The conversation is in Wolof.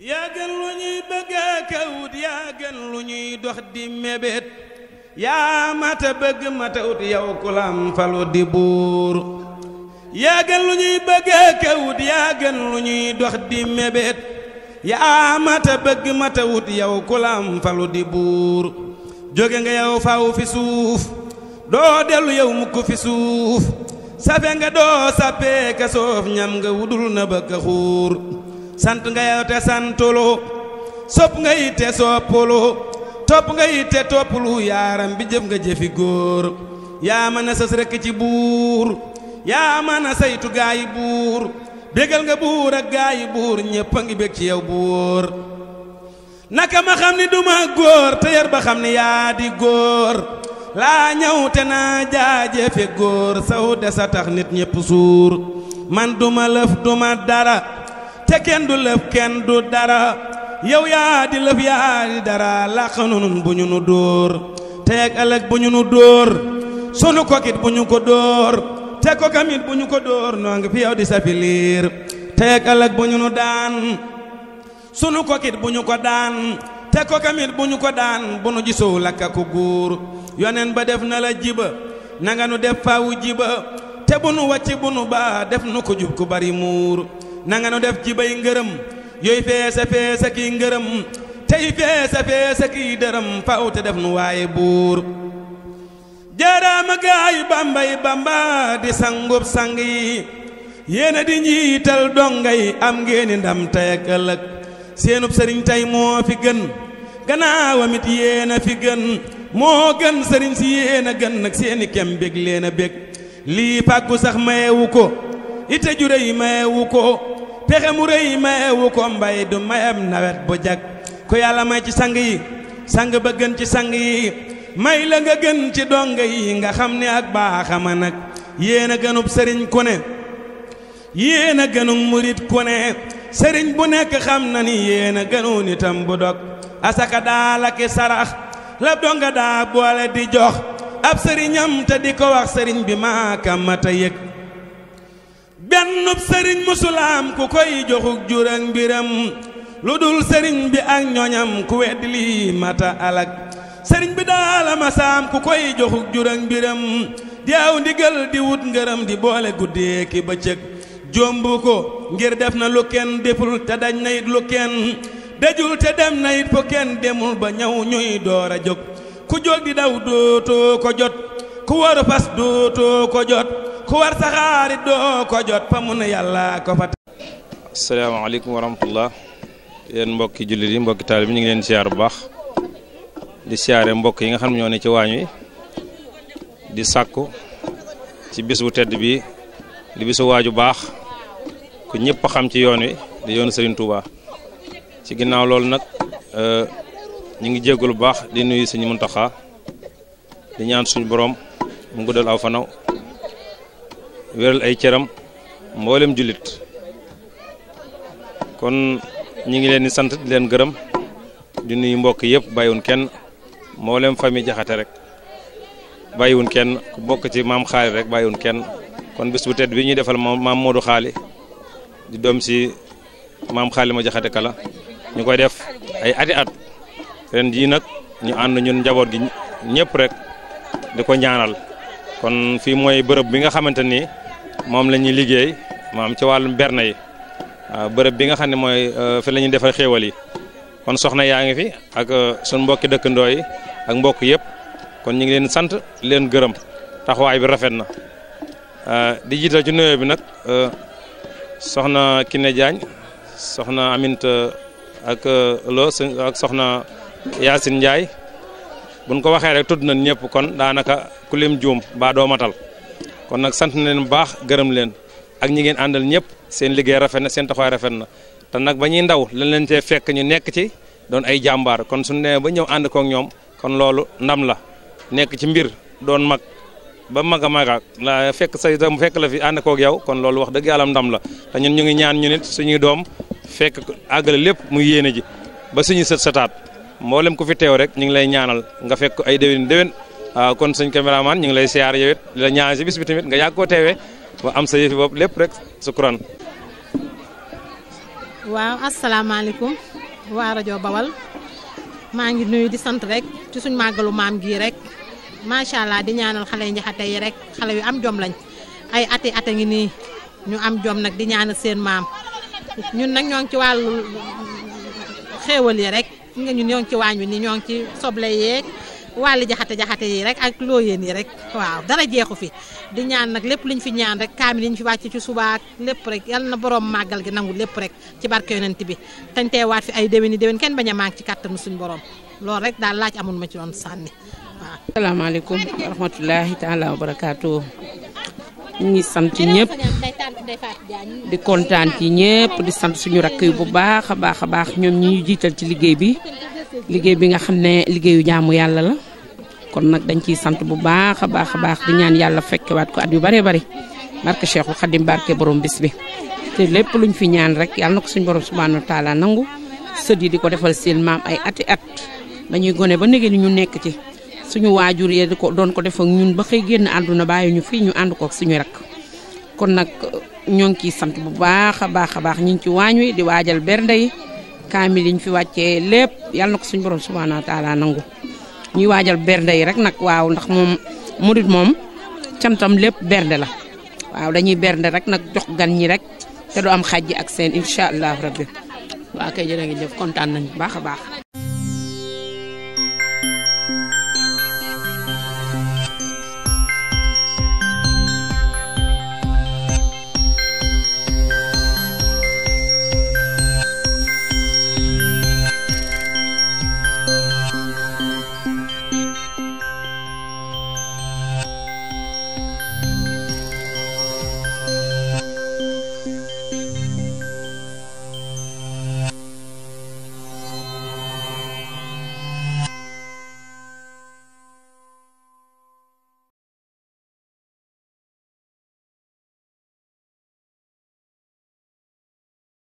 yaa gën lu ñuy bëgg ak wut yaa gën lu ñuy dox di mébét yaa mata bëgg mata wut yow kulam falu di buur yaa gën lu ñuy bëgg ak yaa gën lu ñuy dox di mébét yaa mata bëgg mata wut yow kulam falu di buur jóge nga yow faw fi suuf doo dellu yow mukk fi suuf safe nga doo sappee soof ñam nga wudul na bëgg xuur sant nga yow te santulu sopp nga yitte soppulu topp nga yitte toppulu yaaram bi jëf nga jëfi góor yaa mën sës rekk ci buur yaa mën a gaayi buur bégal nga buur ak gaayi buur ñépp a ngi ci yow buur naka ma xam ni duma góor te yar ba xam ni yaa di góor laa ñëw te naa jaajëfe góor saw de sa tax nit ñépp suur man duma lëf duma dara te kenn du lëf kenn du dara yow yaa di lëf yaa di dara làqanunun bu ñu nu dóor teeg ëllëg bu ñu nu dóor sunu kokit bu ñu ko dóor te kokamit bu ñu ko dóor noo ngi fi yow di sapiliir teeg ëllëg bu ñu nu daan sunu kokit bu ñu ko daan te kokamit bu ñu ko daan bu nu gisow lakka ku guur yonen ba def na la jiba nanga nu def fawu jiba te bu nu wàcc bu nu ba def nu ko jub ku bari muur nanga nu def ci bay ngërëm yooyu feesa feesa kii ngërëm tey feesa feesa kii dërëm faw te def nu waaye buur jaaraama gaayu bambay bamba di sangub sang yi yéena di njiital dongay am ngeeni ndam tey ak ëllëg seenub sëriñ tey moo fi gën gannaawam it yéena fi gën moo gën sëriñ si yéena gën nag seeni kem bég leen bég lii fàggu sax mayewu ko ite jure yi mayewu ko pexe mu rëy mayewu ko mbay du mayam nawet bu jag ku yàlla may ci sang yi sang ba gën ci sang yi may la nga gën ci donga yi nga xam ni ak baaxama nag yéen a gënub sëriñ ku ne yéen a gënu murit ku ne sëriñ bu nekk xam na ni yéen a gënu nitam bu dog asaka daa la sarax la donga daa boole di jox ab sëriñam te di ko wax sëriñ bi maakam ma ta yëg bennub sëriñ musulaam ku koy joxuk jur ak mbiram lu dul sëriñ bi ak ñoñam ku wedd lii mata alak sëriñ bi daala masaam ku koy joxuk jur ak mbiram di aw ndigal di wut ngërëm di boole guddee ki bëccëg jomb ko ngir def na lu kenn deful te daj na it lu kenn dajul te dem na fu kenn demul ba ñëw ñuy door a jóg ku jóg di daw dootoo ko jot ku waru fas dootoo ko jot ku war saxaari doo ko jot fa mun yàlla ko fa asalaamaaleykum wa rahmatullah yéen mbokki julli yi mbokki taal bi ñu ngi leen siyaar bu baax di siyaare mbokk yi nga xam ñoo ne ci waañ wi di sàkku ci bis bu tedd bi di bisu waaju baax ku ñëpp xam ci yoon wi di yoonu Serigne Touba ci ginnaaw loolu nag euh, ñu ngi jéggul bu baax di nuyu suñu Muntaxa di ñaan suñu boroom mu guddal aw fanaw wéral ay cëram mboolem julit kon ñi ngi leen di sant di leen gërëm di nuyu mbokk yëpp bàyyiwun kenn mboolem famille jaxate rek bàyyiwun kenn bokk ci maam xaali rek bàyyiwun kenn kon bis bu tedd bi ñuy defal maam Modou xaali di doom si maam xaali ma jaxate kala ñu koy def ay ati at ren jii nag ñu ànd ñun njaboot gi ñépp rek di ko ñaanal kon fii mooy bërëb bi nga xamante moom la ñuy liggéey maam ci wàllum berne yi bërëb bi nga xam ne mooy euh, fi lañuy ñuy defar xéewal yi kon soxna yaa ngi fi ak euh, suñ mbokki dëkk ndooy ak mbokk yëpp kon ñu ngi leen sant leen gërëm taxawaay bi rafet na euh, di jiital ci nuyoo bi nag soxna Kiné Diagne soxna Aminta ak Lo ak soxna Yacine Ndiaye buñ ko waxee rek tudd nañ ñëpp kon daanaka ku lim juum baa doo matal kon nag sant na leen bu baax gërëm leen ak ñi ngeen àndal ñëpp seen liggéey rafet na seen taxawaay rafet na te nag ba ñuy ndaw lañ leen cee fekk ñu nekk ci doon ay jàmbaar kon suñu nee ba ñëw ànd kook ñoom kon loolu ndam la nekk ci mbir doon mag ba mag a magaak la fekk say doom fekk la fi ànd kook yow kon loolu wax dëgg yàlla ndam la te ñun ñu ngi ñaan ñu nit suñuy doom fekk àggale lépp muy yéene ji ba suñu sët sataat mboolem ku fi teew rek ñu ngi lay ñaanal nga fekk ay déwén waaw ah, kon suñ caméraman ñu ngi lay siyaar yow it la ñaan si bis bi tamit nga yàgg koo teewee ba am sa yëfi bopp lépp rek sukkuran waaw asalaamaaleykum waa rajo Bawal maa ngi nuyu di sant rek ci suñ màggalu maam gii rek macha allah di ñaanal xale yi njaxate yi rek xale yi am jom lañ ay ate ate ngi nii ñu am jom nag di ñaanal seen maam ñun nag ñoo ci wàllu xéewal yi rek nga ñun ñoo ci waañ wi nii ñoo ci soble yeeg waa wàllu jaxate-jaxate yi rek ak looyéen yi rek waaw dara jeexu fi di ñaan nag lépp liñ fi ñaan rek kaamil yi ñu fi wàcc ci suba lépp rek yal na boroom màggal gi nangu lépp rek ci barke yonent bi tañ teewaat fi ay déwéni déwén kenn bañ a manque ci kàttanu suñu borom loolu rek daal laaj amul ma ci doon sànni waaw asalaamaaleykum wa rahmatulahi taala wa barakaatu ñu ngi sant ñëpp di kontaan ci ñëpp di sant suñu rakk yi bu baax a baax a baax ñoom ñi ñu jiital ci liggéey bi liggéey bi nga xam ne liggéeyu jaamu yàlla la kon nag dañ ciy sant bu baax a baax a baax di ñaan yàlla fekkewaat ko at yu bëree bëri barke Cheikhul Khadim barke borom bis bi te lépp luñ fi ñaan rek yàlla na ko suñ borom subhanahu wa taala nangu sët yi di ko defal seen ay ati at dañuy gone ba négé ñu nekk ci suñu waajur yi di ko doon ko def ak ñun ba xëy génn àdduna bàyyi ñu fii ñu ànd ko suñu rakk kon nag ñoo ngi ciy sant bu baax a baax a baax ñu ngi ci waañ wi di waajal bernde kaamil yi ñu fi wàccee lépp yàlla na ko suñu borom subhaana wa taala nangu ñuy waajal bernde yi rek nag waaw ndax moom murit moom camtam lépp bernde la waaw dañuy bernde rek nag jox gan ñi rek te du am xàjji ak seen incha allah rabbi waaw kay jërë ngeen jëf kontaan nañu baax baax.